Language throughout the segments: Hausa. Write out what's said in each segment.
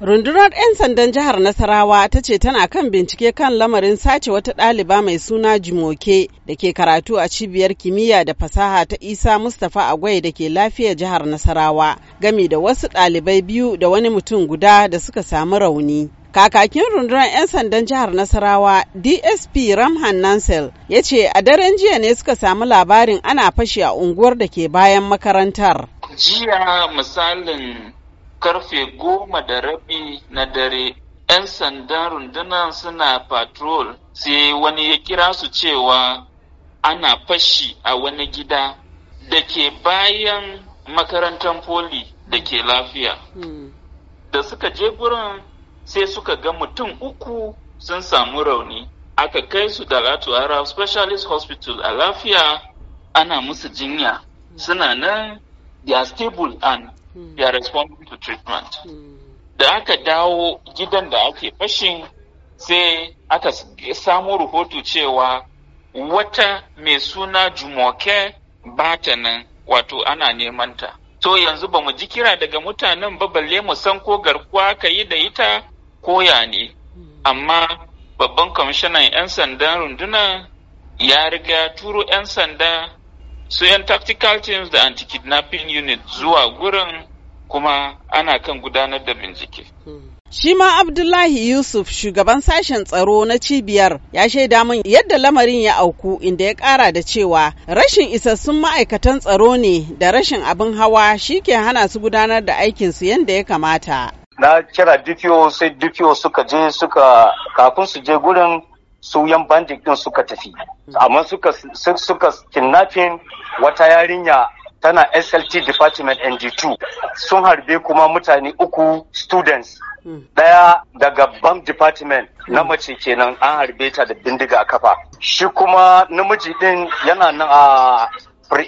Rundunar 'yan sandan jihar Nasarawa ta ce tana kan bincike kan lamarin sace wata ɗaliba mai suna Jumoke, da ke karatu a cibiyar kimiyya da fasaha ta Isa Mustapha Agwai da ke lafiya jihar Nasarawa gami da wasu ɗalibai biyu da wani mutum guda da suka samu rauni. Kakakin rundunar 'yan sandan jihar Nasarawa DSP Ramhan Nansel ya ce a daren jiya ne suka samu labarin ana fashi a unguwar da ke bayan makarantar. Jiya misalin karfe goma da rabi na dare 'yan sandan rundunar suna patrol sai wani ya kira su cewa ana fashi a wani gida da ke bayan makarantar poli da ke lafiya hmm. da suka je gurin sai suka ga mutum uku sun samu rauni aka kai su da Arab specialist hospital a lafiya ana musu jinya hmm. suna nan they are stable and Hmm. they are to treatment da aka dawo gidan da ake fashin sai aka samo rahoto cewa wata mai suna jumoke bata nan wato ana neman ta to yanzu ba mu ji kira daga mutanen ba balle mu san ko garkuwa ka yi da ita koya ne hmm. amma babban kwamishinan 'yan sandan runduna ya riga turo 'yan sanda su yan tactical teams da anti-kidnapping unit zuwa gurin kuma ana kan gudanar da bincike. Shi ma Abdullahi Yusuf shugaban sashen tsaro na cibiyar ya shaida min yadda lamarin ya auku inda ya kara da cewa rashin isassun ma'aikatan tsaro ne da rashin abin hawa shi ke hana su gudanar da aikinsu yadda ya kamata. Na kira DPO sai DPO suka je suka kafin su je gurin Sauyan bandit ɗin suka tafi amma suka suka kidnapping wata yarinya tana SLT Department ND2 sun harbe kuma mutane uku students ɗaya hmm. daga BAM Department na hmm. mace kenan an harbe ta da bindiga kafa shi kuma namiji ɗin yana nan a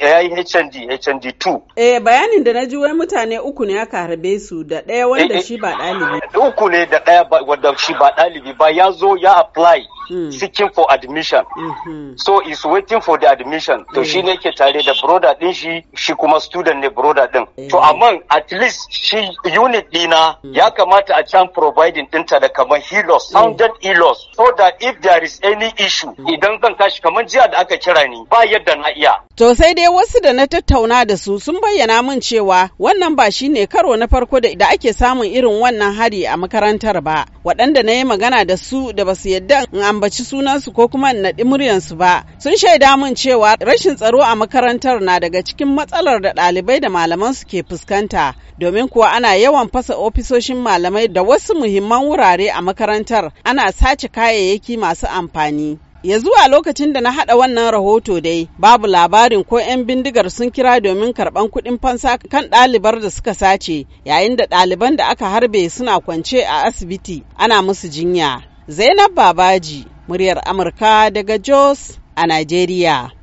ya eh, yi HND, HND2. Eh bayanin da na ji wai mutane uku ne aka harbe su da ɗaya wanda eh, eh, shi ba ɗalibi. Uku ne da ɗaya wanda shi ba ɗalibi ba ya zo ya apply hmm. seeking for admission. Hmm. So is waiting for the admission. To shi ne ke tare da broda ɗin shi shi kuma student ne broda ɗin. To amma at least shi unit ɗina hmm. ya kamata a can providing ɗinta da kamar hilos, sounded hilos. So that if there is any issue idan zan tashi kamar jiya da aka kira ni ba yadda na iya. To sai dai wasu da na tattauna da su sun bayyana min cewa wannan ba shi ne karo na farko da ake samun irin wannan hari a makarantar ba waɗanda na yi magana da su da ba su yadda in ambaci sunansu ko kuma in naɗi muryansu ba sun shaida min cewa rashin tsaro a makarantar na daga cikin matsalar da ɗalibai da malaman su ke fuskanta domin kuwa ana yawan fasa ofisoshin malamai da wasu muhimman wurare a makarantar ana sace kayayyaki masu amfani Ya zuwa lokacin da na haɗa wannan rahoto dai, babu labarin ko 'yan bindigar sun kira domin karɓar kuɗin fansa kan ɗalibar da suka sace, yayin da ɗaliban da aka harbe suna kwance a asibiti ana musu jinya. Zainab Babaji, muryar Amurka daga Jos a Najeriya.